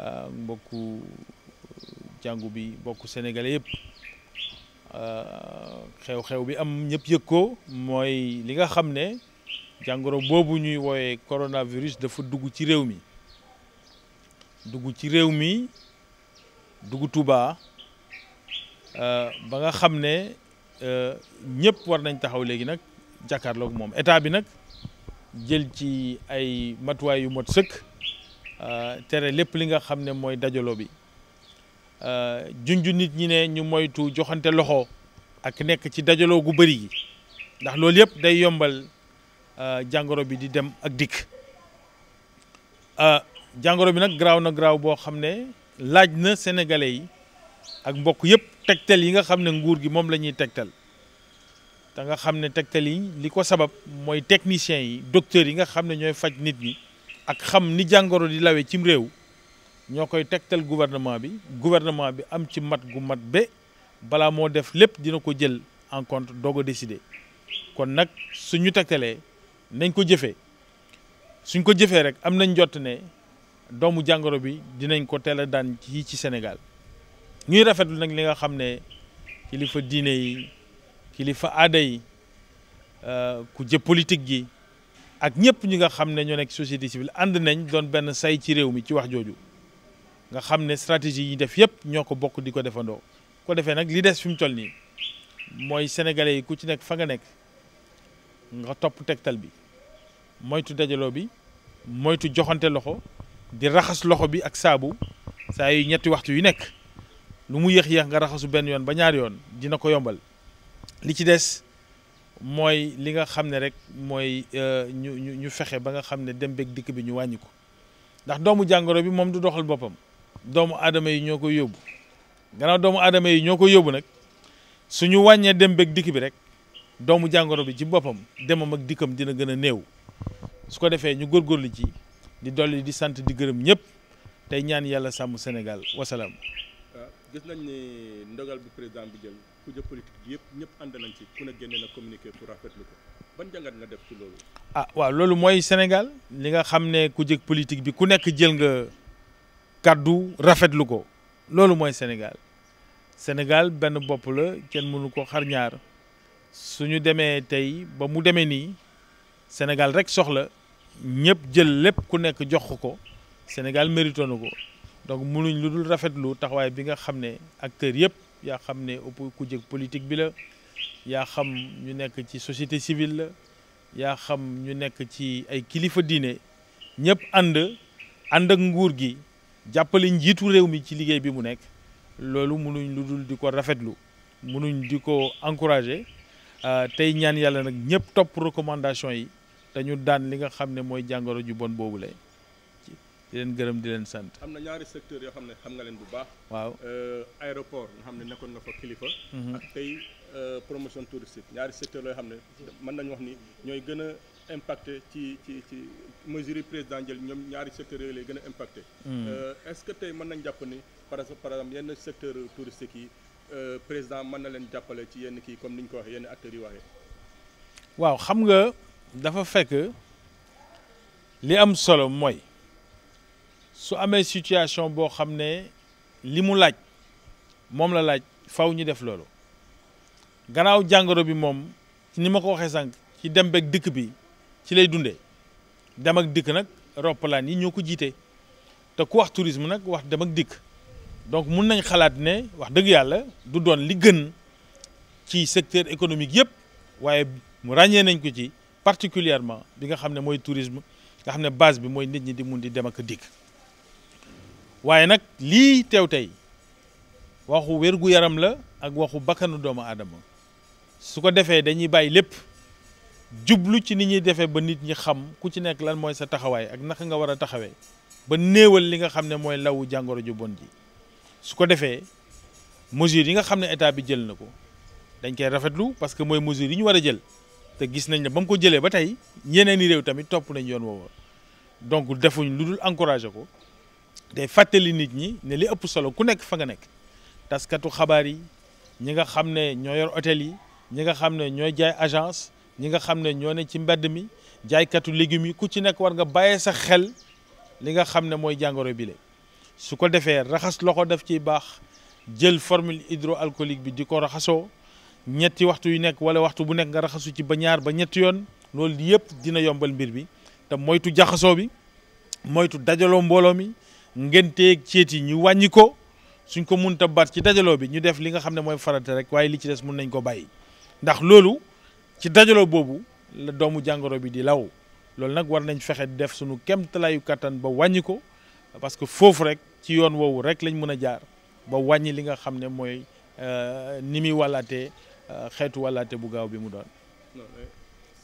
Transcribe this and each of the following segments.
Euh, mbokku euh, jàngu bi mbokku sénégalais yëpp euh, xew-xew bi am ñëpp yëg ko mooy li nga xam ne jàngoro boobu ñuy wooye coronavirus dafa dugg ci réew mi dugg ci réew mi dugg Touba ba nga xam ne ñëpp war nañ taxaw léegi nag jàkkaarloog moom état bi nag jël ci ay matuwaay yu mot sëkk Euh, tere lépp li nga xam ne mooy dajalo bi euh, junj nit ñi ne ñu moytu joxante loxo ak nekk ci dajaloo gu bëri gi ndax loolu yëpp day yombal euh, jàngoro bi di dem ak dikk jàngoro bi nag garaaw na garaaw boo xam ne laaj na sénégalais yi ak mbokk yëpp tegtal yi nga xam ne nguur gi moom la ñuy tegtal te nga xam ne tegtal yi li ko sabab mooy techniciens yi docteurs yi nga xam ne ñooy faj nit ñi ak xam ni jàngoro di lawe cim réew ñoo koy tegtal gouvernement bi gouvernement bi am ci mat gu mat ba balaa moo def lépp dina ko jël en compte doog a kon nag suñu tegtalee nañ ko jëfee suñ ko jëfee rek am nañ jot ne doomu jàngoro bi dinañ ko teel a daan yi ci Sénégal ñuy rafetlu nag li nga xam ne kilifa diine yi kilifa aada yi euh, ku jë politique gi ak ñëpp ñi nga xam ne ñoo nekk société civile ànd nañ doon benn say ci réew mi ci wax jooju nga xam ne stratégie yi def yëpp ñoo ko bokk di ko defandoo ko defee nag li des fi mu toll nii mooy sénégalais yi ku ci nekk fa nga nekk nga topp tegtal bi moytu dajaloo bi moytu joxante loxo di raxas loxo bi ak saabu saa yi ñetti waxtu yi nekk lu mu yéex yéex nga raxasu benn yoon ba ñaari yoon dina ko yombal li ci des mooy li nga xam ne rek mooy euh, ñu ñu ñu fexe ba nga xam ne dem beeg dikk bi ñu wàññi ko ndax doomu jàngoro bi moom du doxal boppam doomu aadama yi ñoo ko yóbbu gannaaw doomu aadama yi ñoo ko yóbbu nag suñu wàññee dem beeg dikk bi rek doomu jàngoro bi ci boppam demam ak dikkam dina gën a néew su ko defee ñu góor góorgóorlu ci di dolli di sant di gërëm ñëpp tey ñaan yàlla sàmm Sénégal wasalaam. Ah, gis nañ ni ndogal bi président bi jël. kuje politique bi yëpp ñëpp ànd nañ ci ku ne génne na communiqué pour rafetlu ko ban jàngat nga def ci loolu. ah waaw loolu mooy Sénégal li nga xam ne ku kuje politique bi ku nekk jël nga kàddu rafetlu ko loolu mooy Sénégal Sénégal benn bopp la kenn mënu ko xar ñaar suñu demee tey ba mu demee nii Sénégal rek soxla ñëpp jël lépp ku nekk jox ko Sénégal mérito ko donc mënuñ lu dul rafetlu taxawaay bi nga xam ne acteurs yëpp. yaa xam ne ëpp ku jëg politique bi la yaa xam ñu nekk ci société civile la yaa xam ñu nekk ci ay kilifa diine ñëpp ànd ànd ak nguur gi jàppale njiitu réew mi ci liggéey bi mu nekk loolu mënuñ lu dul di ko rafetlu mënuñ di ko encouragé euh, tey ñaan yàlla nag ñëpp topp recommandation yi te ñu daan li nga xam ne mooy jàngoro ju bon boobu lay di leen gërëm di leen sant. am na ñaari secteurs yoo xam ne xam nga leen bu baax. waaw euh, aéroport nga xam ne nekkoon na fa kilifa. Mhm. ak tey euh, promotion touristique ñaari secteurs yoo xam ne mën nañu wax ni ñooy gën a impacté ci ci ci mesures président jël ñoom ñaari secteurs yooyu lay gën a impacté. Mhm. Euh, est-ce que tey mën nañ jàpp ni par exemple yenn secteur touristique yi président mën na leen jàppale ci yenn kii comme niñ ko waxee yenn acteurs yi waxee. waaw xam nga dafa fekk li am solo mooy. su amee situation boo xam ne li mu laaj moom la laaj faw ñu def loolu gannaaw jàngoro bi moom ni ma ko waxee sànq ci dem beeg dikk bi ci lay dunde dem ak dikk nag roppalaan yi ñoo ko jiite te ku wax tourisme nag wax dem ak dikk donc mun nañ xalaat ne wax dëgg yàlla du doon li gën ci secteur économique yëpp waaye mu ràññee nañ ko ci particulièrement bi nga xam ne mooy tourisme nga xam ne base bi mooy nit ñi di mun di dem ak dikk waaye nag lii teew tey waxu wér-gu-yaram la ak waxu bakkanu doomu aadama su ko defee dañuy bàyyi lépp jublu ci ni ñuy defee ba nit ñi xam ku ci nekk lan mooy sa taxawaay ak naka nga war a taxawee ba néewal li nga xam ne mooy lawu jàngoro ju bon ji su ko defee mesures yi nga xam ne état bi jël na ko dañ koy rafetlu parce que mooy mesures yi ñu war a jël te gis nañ ne ba mu ko jëlee ba tey yeneen i réew tamit topp nañ yoon woowa donc defuñ lu dul encouragé ko day fàttali nit ñi ne li ëpp solo ku nekk fa nga nekk taskatu xabaar yi ñi nga xam ne ñoo yor hôtel yi ñi nga xam ne ñooy jaay agence ñi nga xam ne ñoo ne ci mbedd mi jaaykatu légumes yi ku ci nekk war nga bàyyee sa xel li nga xam ne mooy jàngoro bile su ko defee raxas loxo daf ciy baax jël formule hydroalcoolique bi di ko raxasoo ñetti waxtu yu nekk wala waxtu bu nekk nga raxasu ci ba ñaar ba ñetti yoon loolu yëpp dina yombal mbir mi te moytu jaxasoo bi moytu dajaloo mbooloo mi ngenteeg ciit yi ñu wàññi ko suñ ko munta bat ci dajaloo bi ñu def li nga xam ne mooy farata rek waaye li ci des mun nañ ko bàyyi ndax loolu ci dajaloo boobu la doomu jàngoro bi di law loolu nag war nañ fexe def suñu kemtalaayu kattan ba wàññi ko parce que foofu rek ci yoon woowu rek lañ mën a jaar ba wàññi li nga xam ne mooy euh, ni muy wàllaatee euh, xeetu wàllaate bu gaaw bi mu doon.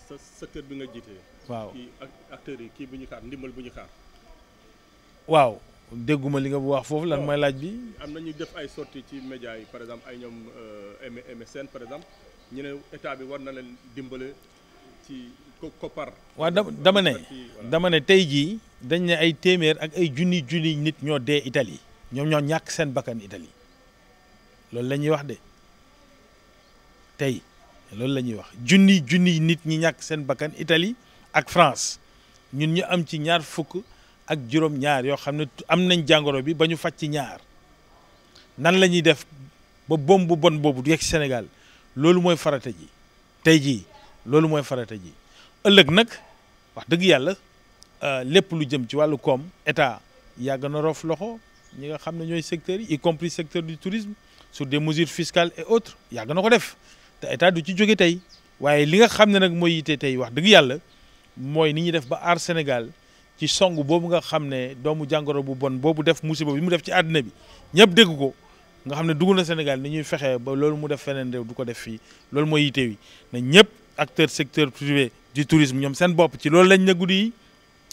sa sa kër bi nga jiite. waaw kii yi kii bu ñu xaar ndimbal bu ñu waaw dégguma li nga bu wax foofu lan mooy laaj bi. am na ñu def ay sorties ci médias yi par exemple ay ñoom euh, MSN par exemple ñu ne état bi war na leen dimbale ci koppar. waaw dama ne dama ne tey jii dañ ne ay téeméer ak ay junni junni nit ñoo dee Italie ñoom ñoo ñàkk seen bakkan Italie loolu la ñuy wax de tey loolu la ñuy wax junni junni nit ñi ñàkk seen bakkan itali ak France ñun ñu am ci ñaar fukk. ak juróom-ñaar yoo xam ne am nañ jàngoro bi ba ñu faj ci ñaar nan la ñuy def ba bom bu bon boobu du yegg Sénégal loolu mooy farata ji tey jii loolu mooy farata ji ëllëg nag wax dëgg yàlla euh, lépp lu jëm ci wàllu koom état yàgg na roof loxo ñi nga xam ne ñooy secteur yi y compris secteur du tourisme sur des mesures fiscales et autres yàgg na ko def te état du ci jóge tey waaye li nga xam ne nag mooy yitte tey wax dëgg yàlla mooy ni ñuy def ba aar Sénégal ci song boobu nga xam ne doomu jàngoro bu bon boobu def musiba bi mu def ci àddina bi ñëpp dégg ko nga xam ne dugg na Sénégal ni ñuy fexe ba loolu mu def feneen réew ko def fii loolu mooy yite wi na ñëpp acteur secteur privé du tourisme ñoom seen bopp ci loolu lañ ne guddi yi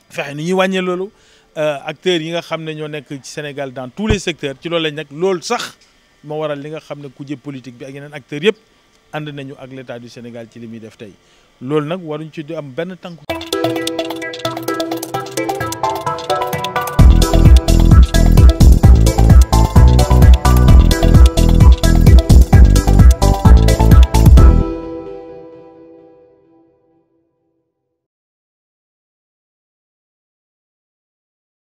fexe ni ñuy wàññee loolu euh, acteurs yi nga xam ne ñoo nekk ci Sénégal dans tous les secteurs ci loolu lañ nekk loolu sax moo waral li nga xam ne kuje politique bi ak yeneen acteurs yëpp ànd nañu ak l'état du Sénégal ci li muy def tey loolu nag waruñ ci am benn tànku.